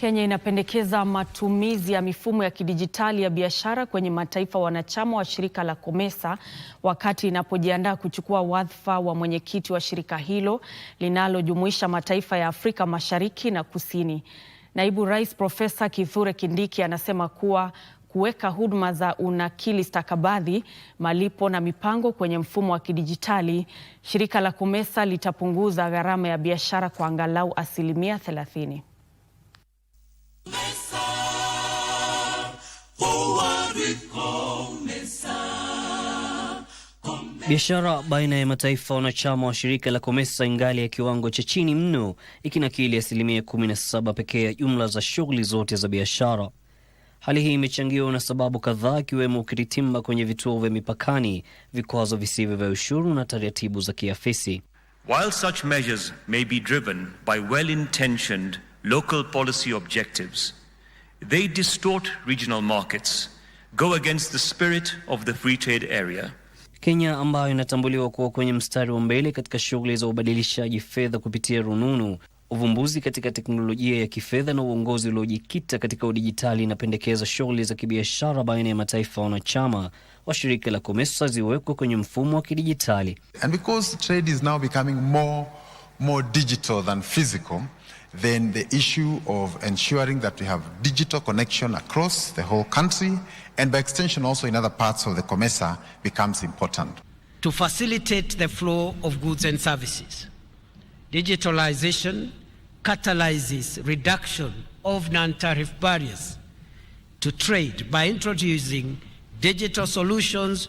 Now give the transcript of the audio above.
Kenya inapendekeza matumizi ya mifumo ya kidijitali ya biashara kwenye mataifa wanachama wa shirika la COMESA wakati inapojiandaa kuchukua wadhifa wa mwenyekiti wa shirika hilo linalojumuisha mataifa ya Afrika Mashariki na Kusini. Naibu Rais Profesa Kithure Kindiki anasema kuwa kuweka huduma za unakili stakabadhi, malipo na mipango kwenye mfumo wa kidijitali, shirika la COMESA litapunguza gharama ya biashara kwa angalau asilimia thelathini. Biashara baina ya mataifa wanachama wa shirika la COMESA ingali ya kiwango cha chini mno ikinakili asilimia 17 pekee ya jumla za shughuli zote za biashara. Hali hii imechangiwa na sababu kadhaa, ikiwemo ukiritimba kwenye vituo vya mipakani, vikwazo visivyo vya ushuru na taratibu za kiafisi. While such measures may be driven by well-intentioned local policy objectives They distort regional markets, go against the spirit of the free trade area. Kenya ambayo inatambuliwa kuwa kwenye mstari wa mbele katika shughuli za ubadilishaji fedha kupitia rununu, uvumbuzi katika teknolojia ya kifedha na uongozi uliojikita katika udijitali, inapendekeza shughuli za kibiashara baina ya mataifa wanachama wa shirika la COMESA ziwekwe kwenye mfumo wa kidijitali. And because trade is now becoming more more digital than physical, then the issue of ensuring that we have digital connection across the whole country and by extension also in other parts of the COMESA becomes important. To facilitate the flow of goods and services, digitalization catalyzes reduction of non-tariff barriers to trade by introducing digital solutions